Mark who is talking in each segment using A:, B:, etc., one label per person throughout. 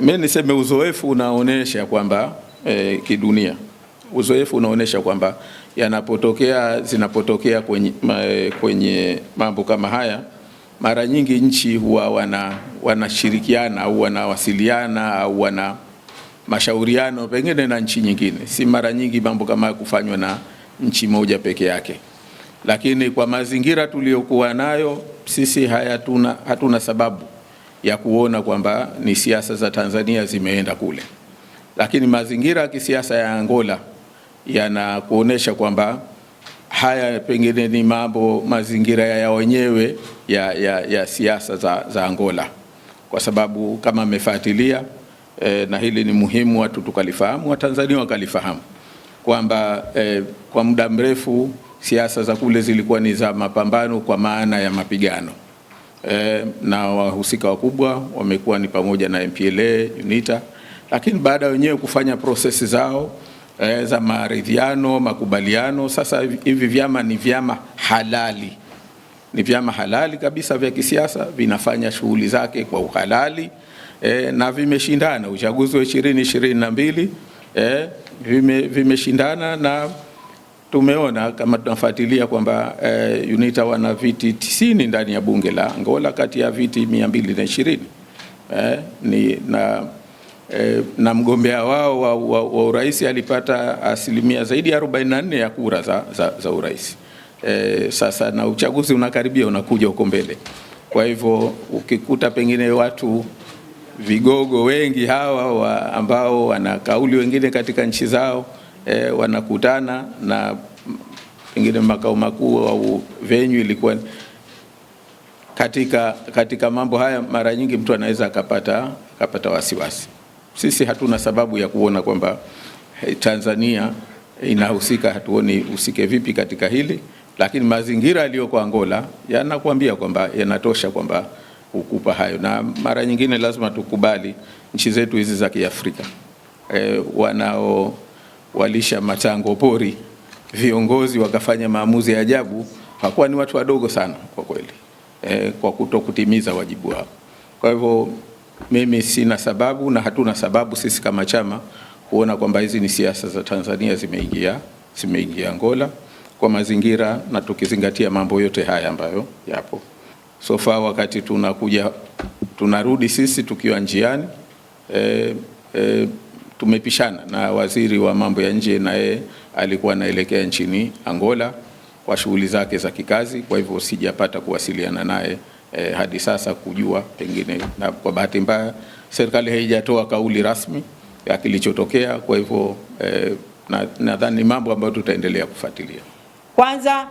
A: Mimi eh, niseme uzoefu unaonyesha kwamba eh, kidunia uzoefu unaonyesha kwamba yanapotokea zinapotokea kwenye, eh, kwenye mambo kama haya mara nyingi nchi huwa wana wanashirikiana au wanawasiliana au wana mashauriano pengine na nchi nyingine. Si mara nyingi mambo kama haya kufanywa na nchi moja peke yake, lakini kwa mazingira tuliyokuwa nayo sisi haya tuna, hatuna sababu ya kuona kwamba ni siasa za Tanzania zimeenda kule, lakini mazingira ya kisiasa ya Angola yanakuonesha kwamba haya pengine ni mambo mazingira ya wenyewe ya, ya, ya siasa za, za Angola, kwa sababu kama amefuatilia eh, na hili ni muhimu watu tukalifahamu, Watanzania wakalifahamu kwamba eh, kwa muda mrefu siasa za kule zilikuwa ni za mapambano kwa maana ya mapigano eh, na wahusika wakubwa wamekuwa ni pamoja na MPLA, UNITA, lakini baada wenyewe kufanya prosesi zao eh, za maridhiano, makubaliano. Sasa hivi vyama ni vyama halali, ni vyama halali kabisa vya kisiasa, vinafanya shughuli zake kwa uhalali eh, na vimeshindana uchaguzi wa 2022 eh, vimeshindana na tumeona kama tunafuatilia kwamba eh, UNITA wana viti tisini ndani ya bunge la Angola kati ya viti mia mbili na ishirini eh, ni na, eh, na mgombea wao wa, wa, wa urais alipata asilimia zaidi ya 44 ya kura za, za, za urais eh, sasa na uchaguzi unakaribia unakuja huko mbele. Kwa hivyo ukikuta pengine watu vigogo wengi hawa wa ambao wana kauli wengine katika nchi zao e, wanakutana na pengine makao makuu au venue ilikuwa katika, katika mambo haya mara nyingi mtu anaweza akapata akapata wasiwasi. Sisi hatuna sababu ya kuona kwamba eh, Tanzania inahusika, hatuoni husike vipi katika hili, lakini mazingira yaliyoko Angola yanakuambia kwamba yanatosha kwamba ukupa hayo, na mara nyingine lazima tukubali nchi zetu hizi za Kiafrika e, wanao walisha matango pori, viongozi wakafanya maamuzi ya ajabu. Hakuwa ni watu wadogo sana kwa kweli e, kwa kutokutimiza wajibu wao. Kwa hivyo mimi sina sababu na hatuna sababu sisi kama chama kuona kwamba hizi ni siasa za Tanzania zimeingia zimeingia Angola kwa mazingira na tukizingatia mambo yote haya ambayo yapo sofa wakati tunakuja tunarudi sisi tukiwa njiani e, e, tumepishana na waziri wa mambo ya nje, naye alikuwa anaelekea nchini Angola kwa shughuli zake za kikazi, kwa hivyo sijapata kuwasiliana naye e, hadi sasa kujua pengine, na kwa bahati mbaya serikali haijatoa kauli rasmi ya kilichotokea. Kwa hivyo e, nadhani ni mambo ambayo tutaendelea kufuatilia.
B: Kwanza,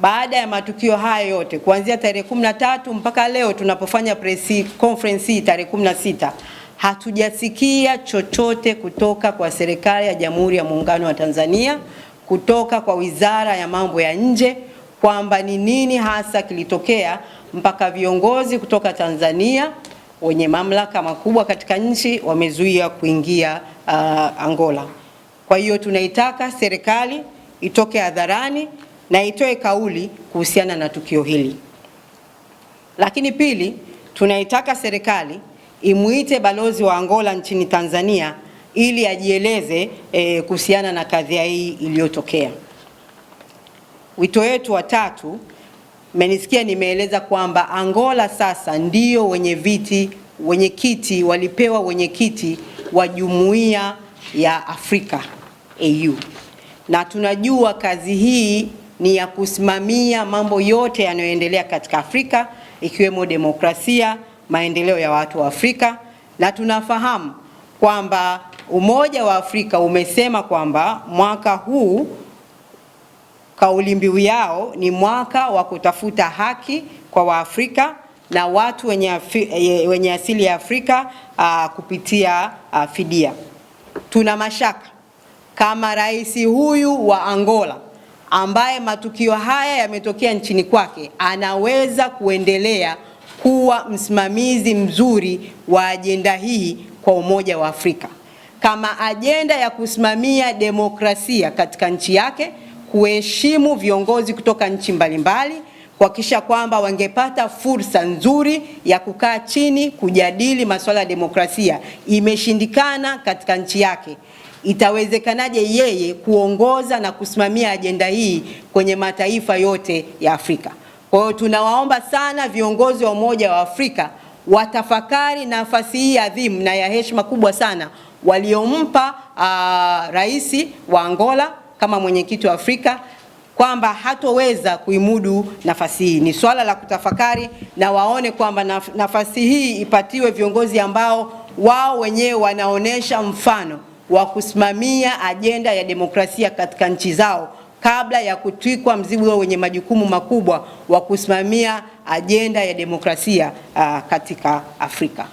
B: baada ya matukio haya yote kuanzia tarehe 13 mpaka leo tunapofanya press conference hii tarehe 16 hatujasikia chochote kutoka kwa serikali ya Jamhuri ya Muungano wa Tanzania, kutoka kwa Wizara ya Mambo ya Nje kwamba ni nini hasa kilitokea mpaka viongozi kutoka Tanzania wenye mamlaka makubwa katika nchi wamezuia kuingia uh, Angola. Kwa hiyo tunaitaka serikali itoke hadharani na itoe kauli kuhusiana na tukio hili. Lakini pili, tunaitaka serikali imwite balozi wa Angola nchini Tanzania ili ajieleze e, kuhusiana na kadhia hii iliyotokea. Wito wetu wa tatu, mmenisikia nimeeleza kwamba Angola sasa ndio wenye viti wenyekiti walipewa wenyekiti wa Jumuiya ya Afrika AU, na tunajua kazi hii ni ya kusimamia mambo yote yanayoendelea katika Afrika ikiwemo demokrasia maendeleo ya watu wa Afrika, na tunafahamu kwamba Umoja wa Afrika umesema kwamba mwaka huu kauli mbiu yao ni mwaka wa kutafuta haki kwa Waafrika na watu wenye, Afri, wenye asili ya Afrika uh, kupitia uh, fidia. Tuna mashaka kama rais huyu wa Angola ambaye matukio haya yametokea nchini kwake anaweza kuendelea kuwa msimamizi mzuri wa ajenda hii kwa Umoja wa Afrika kama ajenda ya kusimamia demokrasia katika nchi yake, kuheshimu viongozi kutoka nchi mbalimbali, kuhakikisha kwamba wangepata fursa nzuri ya kukaa chini kujadili masuala ya demokrasia. Imeshindikana katika nchi yake, itawezekanaje yeye kuongoza na kusimamia ajenda hii kwenye mataifa yote ya Afrika? Kwa hiyo tunawaomba sana viongozi wa Umoja wa Afrika watafakari nafasi hii adhimu na ya heshima kubwa sana waliompa ah, rais wa Angola kama mwenyekiti wa Afrika kwamba hatoweza kuimudu nafasi hii. Ni swala la kutafakari na waone kwamba nafasi hii ipatiwe viongozi ambao wao wenyewe wanaonesha mfano wa kusimamia ajenda ya demokrasia katika nchi zao kabla ya kutwikwa mzigo wenye majukumu makubwa wa kusimamia ajenda ya demokrasia uh, katika Afrika.